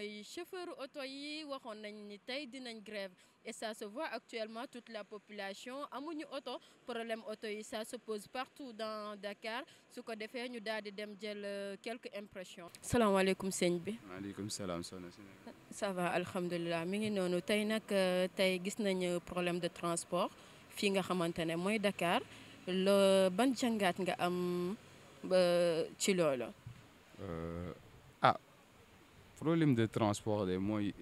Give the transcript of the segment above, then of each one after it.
mooy chauffeur oto yi waxoon nañ ni tey dinañ grève et ça se voit actuellement toute la population amuñu oto problème oto yi ça se pose partout dans Dakar su ko defee ñu daal di dem jël euh, quelques impressions. salaamaaleykum sëñ bi. maaleykum salaam soxna va alhamdulilah mi ngi noonu tey nag euh, tey gis nañ problème de transport fii nga xamante ne mooy Dakar la ban jàngaat nga am ba ci loolo euh, problème de transport de mooy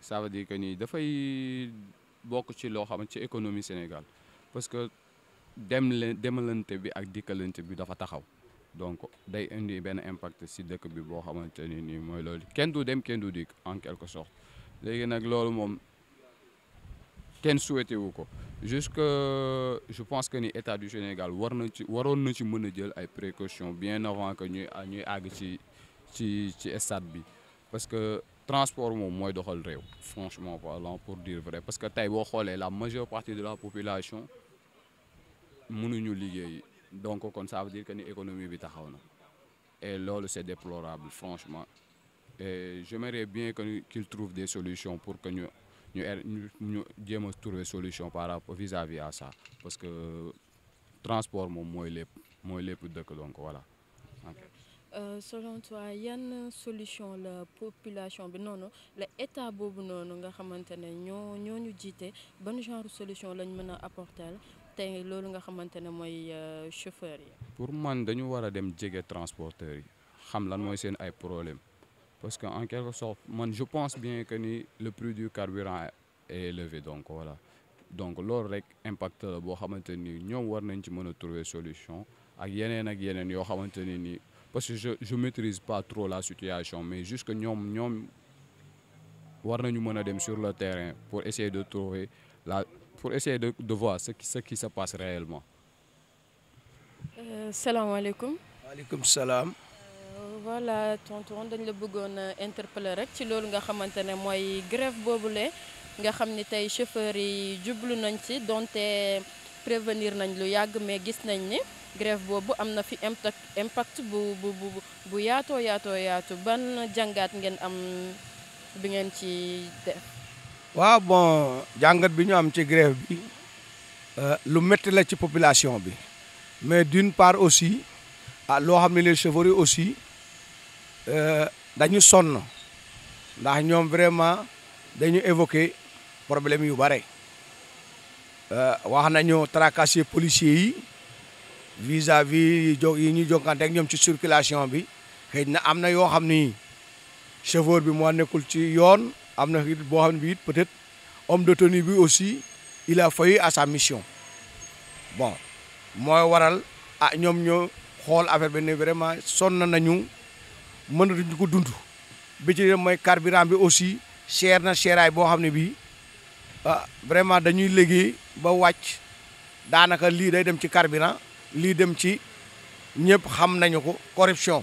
ça veut dire que nii dafay bokk ci loo xamante ci économie Sénégal parce que dem leen demalante bi ak dikkalante bi dafa taxaw donc day indi benn impact si dëkk bi boo xamante ni nii mooy loolu kenn du dem kenn du dikk en quelque sorte léegi nag loolu moom kenn souhaité wu ko jusque je pense que ni état du Sénégal war na ci waroon na ci mën a jël ay précautions bien avant que ñuy ñuy àgg ci ci ci stade bi. parce que transport moom mooy doxal réew franchement parlant pour dire vrai parce que tey boo xoolee la majeure partie de la population mënuñu liggéey donc kon ça veut dire que ni économie bi taxaw na et loolu c'est déplorable franchement e j'aimerais bien que qu'il trouve des solutions pour que ñu er, ñu ñu jéem a trouver solution par rapport vis-à-vis à ça parce que transport moom mooy lépp mooy lépp dëkk donc voilà ok Euh, selon toi yan solution la population bi noonu la état boobu noonu nga xamante ne ñoo ñoo ñu jiite ban genre solution lañ mën a apporter te loolu nga xamante ne mooy euh, chauffeur yi. pour man dañu war a dem jege transporteurs yi xam lan mooy seen ay problème parce que en quelque sorte man je pense bien que ni le prix du carburant est élevé donc voilà donc loolu rek impact la boo xamante ni ñoom war nañ ci mën a trouver solution ak yeneen ak yeneen yoo xamante ni nii. parce que je je pas trop la situation mais juste que ñoom ñoom war nañu mën a dem sur le terrain pour essayer de trouver la pour essayer de de voir ce qui ce qui se passe réellement. Euh, salaamaaleykum. waaleykum salaam. Euh, voilà tonton dañ la bëggoon interpeller rek ci loolu nga xamante ne mooy boobu le nga xam ni tey chauffeurs yi jublu nañ ci donte. prévenir nañ lu yàgg mais gis nañ ni grève boobu am na fi impact bu bu bu yaatoo yaatoo yaatu ban jàngaat ngeen am bi ngeen ci def. waaw bon jàngat bi ñu am ci grève bi euh, lu métti la ci population bi mais d'une part aussi a ah, loo xam ne les chauffeurs yi aussi euh, dañu sonn ndax ñoom vraiment dañu évoquer problème yu bare. Euh, wax nañu tracasser policiers yi vis-à-vis jo yi ñuy jokkante ñoom ci circulation bi xëy na am na yoo xam ni chauffeur bi moo nekkul ci yoon am na it boo xam ne bi it peut-être homme de tenue bi aussi il a failli sa mission bon mooy waral ah ñoom ñoo xool affaire bi ne vraiment sonn nañu mënatuñ ko dund bi ci mooy carburant bi aussi cher na cheraay boo xam ne bii ah vraiment dañuy léegi ba wàcc daanaka lii day dem ci carburant lii dem ci ñëpp xam nañu ko corruption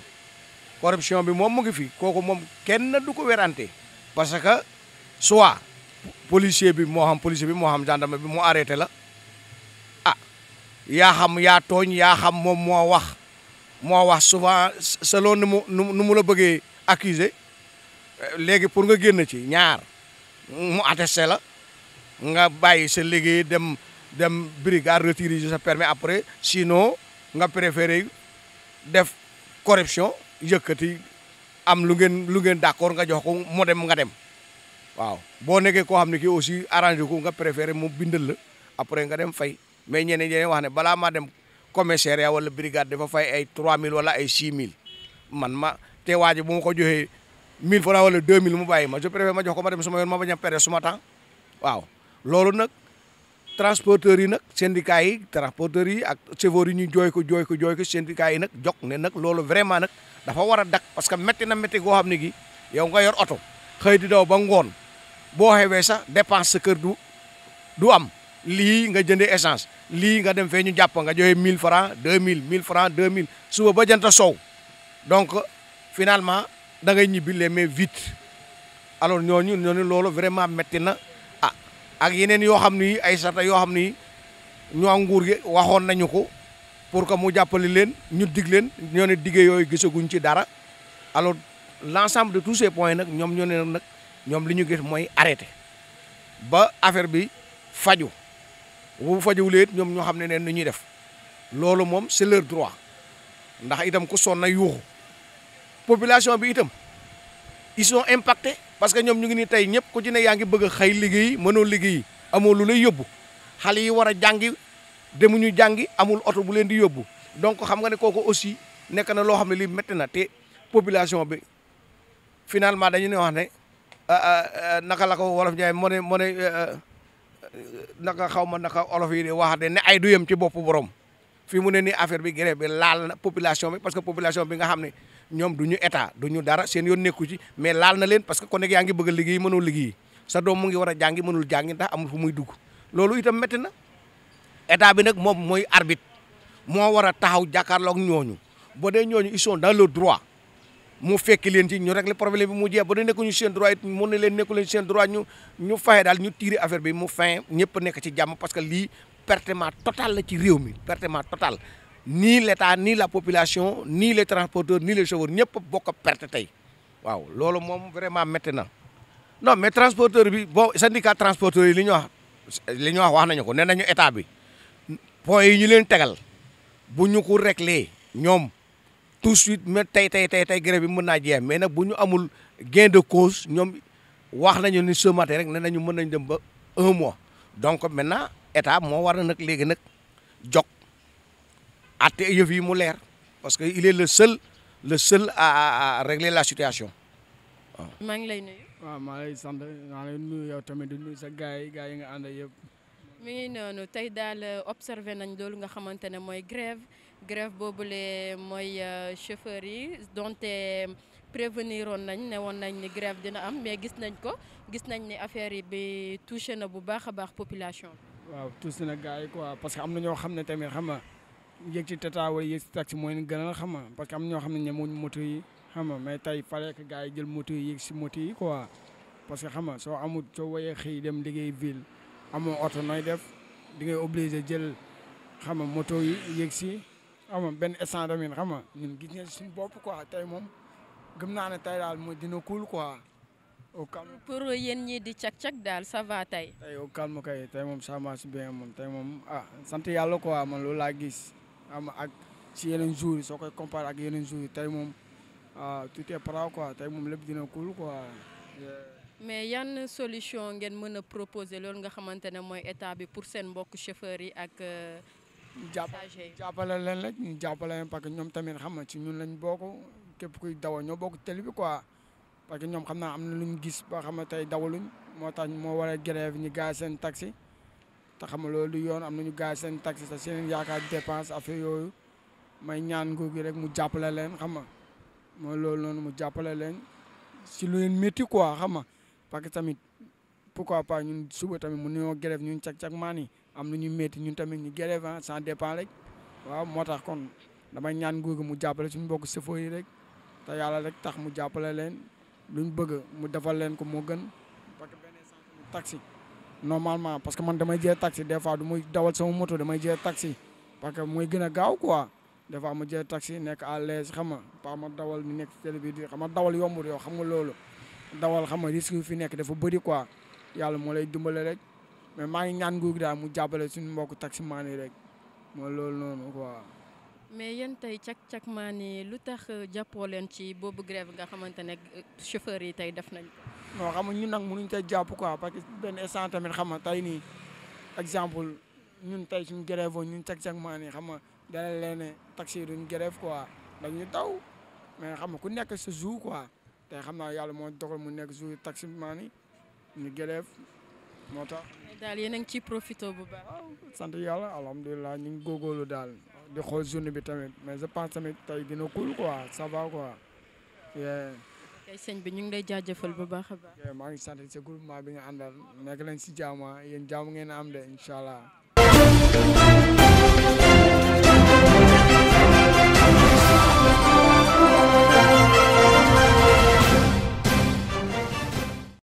corruption bi moom mu ngi fi kooku moom kenn du ko werante parce que soit policier bi moo xam policier bi moo xam gendarme bi mu arrêté la ah yaa xam yaa tooñ yaa xam moom moo wax moo wax souvent selon nu mu nu mu la bëggee accuser eh, léegi pour nga génn ci ñaar mu attesté la nga bàyyi sa liggéey dem dem brigade retirer sa permis après sinon nga préféré def corruption yëkkati am lu ngeen lu ngeen d'accord nga jox ko mu dem nga dem waaw boo nekkee koo xam ne kii aussi arrangé ko nga préféré mu bindal la après nga dem fay mais ñeneen ñeneen wax ne balaa maa dem commissariat wala brigade dafa fay ay 3000 wala ay 6000 man ma te waa ji bu ma ko joxee 1000 francs wala mil mu bàyyi ma je préfère ma jox ko ma dem sama yoon ma bañ a perdre suma temps waaw. loolu nag transporteurs yi nag syndicats yi transporteurs yi ak chauffeurs yi ñu jooy ko jooy ko jooy ko syndicats yi nag jog ne nag loolu vraiment nag dafa war a dak parce que métti na métti goo xam ne gi yow nga yor oto xëy di daw ba ngoon boo xewee sax dépense sa kër du du am lii nga jëndee essence lii nga dem fee ñu jàpp nga joxe deux francs 2000 1000 francs mil suba ba jënta sow donc finalement da ngay ñibbi les mains vides alors ñooñu ñooñu loolu vraiment métti na ak yeneen yoo xam ni ay sarta yoo xam ni ñoo am nguur gi waxoon nañu ko pour que mu jàppale leen ñu dig leen ñoo ne diggee yooyu gisaguñ ci dara alors l' ensemble de tous ces nag ñoom ñoo ne nag ñoom li ñu gis mooy arrêté ba affaire bi faju bu fajuwulee it ñoom ñoo xam ne ne ni ñuy def loolu moom c' est leur droit ndax itam ku sonn na yuuxu population bi itam ils sont parce que ñoom ñu ngi nii tey ñëpp ku ci ne yaa ngi bëgg a xëy liggéey mënoo liggéey amoo lu lay yóbbu xale yi war a jàngi demuñu jàngi amul oto bu leen di yóbbu donc xam nga ne kooku aussi nekk na loo xam ne lii métti na te population bi finalement dañu ne wax ne ah, ah, ah, naka la ko wolof Njaay moo ne moo ne naka xaw ma naka olof yi di wax de ne ay duy yem ci bopp borom fii mu ne nii affaire bi grève bi laal na population bi parce que population bi nga xam ne ñoom du ñu état du ñu dara seen yoon nekku ci mais laal na leen parce que kon nag yaa ngi bëgg a liggéey mënul liggéey sa doom mu ngi war a jàngi mënul jàngi ndax amul fu muy dugg loolu itam métti na état bi nag moom mooy arbitre moo war a taxaw jàkkaarloog ñooñu boo dee ñooñu ils sont dans le droit mu fekki leen ci ñu régler problème bi mu jeex ba dee nekkuñu seen droit it mu nekku leen seen droit ñu ñu faye daal ñu tiire affaire bi mu fin ñëpp nekk ci jàmm parce que lii pertement total la ci réew mi pertement total ni l'État ni la population ni les transporteurs ni les chauffeurs ñëpp bokk perte tey waaw loolu moom vraiment métti na no mais transporteur bi bon syndicat transporteur yi li ñu wax li ñu wax nañu ko nee nañu état bi point yi ñu leen tegal bu ñu rek le ñoom tout de suite mais tey tey tey tey grève bi mën naa jeex mais nag bu ñu amul gain de cause ñoom wax nañu ni ce matin rek nee nañu mën nañ dem ba un mois donc maintenant état moo war na nag léegi nag jog atte yëf yi mu leer parce que il est le seul le seul à à la situation waaw. maa ngi lay nuyu. waaw maa lay sant maa lay nuyu yow tamit di nuyu sa gars yi gars yi nga ànd yëpp. mi noonu tey daal euh, observé nañ loolu nga xamante ne mooy grève grève boobule mooy euh, chauffeur yi donte prévenir nañ ne woon nañ ni grève dina am mais gis nañ ko gis nañ ni affaire yi bi touché na bu baax a baax population. waaw touché na gars yi quoi parce que am na ñoo xam ne tamit xam nga yéeg ci tata wala yéeg ci taxi mooy leen gënal xam nga parce que am ñoo xam ne ñemewuñ moto yi xam nga mais tey fallait que yi jël moto yi yéeg ci moto yi quoi parce que xam nga soo amul soo wayee xëy dem liggéey ville amoo oto nooy def di ngay obligé jël xam nga moto yi yéeg si xam benn instant tamit xam nga ñun gis nañ suñu bopp quoi tey moom gëm naa ne tey daal mooy dina cool quoi. au calme pour yéen di càq-càq daal ça va tey. tey au calme kay tey moom ça marche bien moom moom ah sant yàlla quoi man loolu laa gis. am ak ci yeneen jours yi soo koy comparé ak yeneen jours yi tey moom ah, tout te prêt quoi tey moom lépp dina cool quoi. mais yan solution ngeen mën a proposer loolu nga xamante ne mooy état bi pour seen mbokk chauffeurs yi ak. Euh, passagers yi jàppale leen rek ñu jàppale leen parce que ñoom tamit xam nga ci ñun lañ bokk képp kuy dawa ñoo bokk télé bi quoi. parce que ñoom xam naa am na lu ñu gis ba xam ne tey dawaluñ moo tax moo war a grève ñu seen taxi. te xam nga loolu yoon am nañu gars yi seen taxi te seen yaakaar dépense affaire yooyu may ñaan nguur gi rek mu jàppale leen xam mooy loolu noonu mu jàppale leen si lu leen métti koi xam nga parce que tamit pourquoi pas ñun suba tamit mu nuyoo grève ñun cag-cag maan yi am na ñu métti ñun tamit ñu grève ah sans dépend rek waaw moo tax kon damay ñaan nguur gi mu jàppale suñ mbokk sëfo yi rek te yàlla rek tax mu jàppale leen luñ bëgg mu defal leen ko moo gën parce que benn normalement parce que man damay jee taxi des fois du muy dawal sama moto damay jël taxi parce que mooy gën a gaaw quoi des fois ma jël taxi nekk à l'aise xam nga pas ma dawal ni nekk ci télé bi di xam nga dawal yombul yow xam nga loolu dawal xam nga risque yu fi nekk dafa bëri quoi yàlla moo lay dimbale rek mais maa ngi ñaan nguur gi daal mu jàppale suñu mbokku taximaan yi rek mooy loolu noonu quoi. mais yéen tey càq-càq maa ni lu tax jàppoo leen ci boobu grève nga xamante ne chauffeur yi tey def nañ non xam nga ñun nag mënuñ tey jàpp quoi parce benn instant tamit xam nga tey nii exemple ñun tey suñu grève woon ñun cag-cag maa nii xam nga dana leen taxi duñ grève quoi dañu taw mais xam nga ku nekk sa jour quoi tey xam naa yàlla moo dogal mu nekk jour taxi maa nii ñu grève moo tax. daal yéen a ngi ciy profité bu baax. sant yàlla alhamdulilah ñu ngi daal di xool tamit mais je pense tamit tey dina cool quoi ça kay sëñ bi ñu ngi lay jaajëfal bu baax a baax. maa ngi sant sa groupement bi nga àndal nekk nañ si jaamu yéen jaamu ngeen am de incha allah.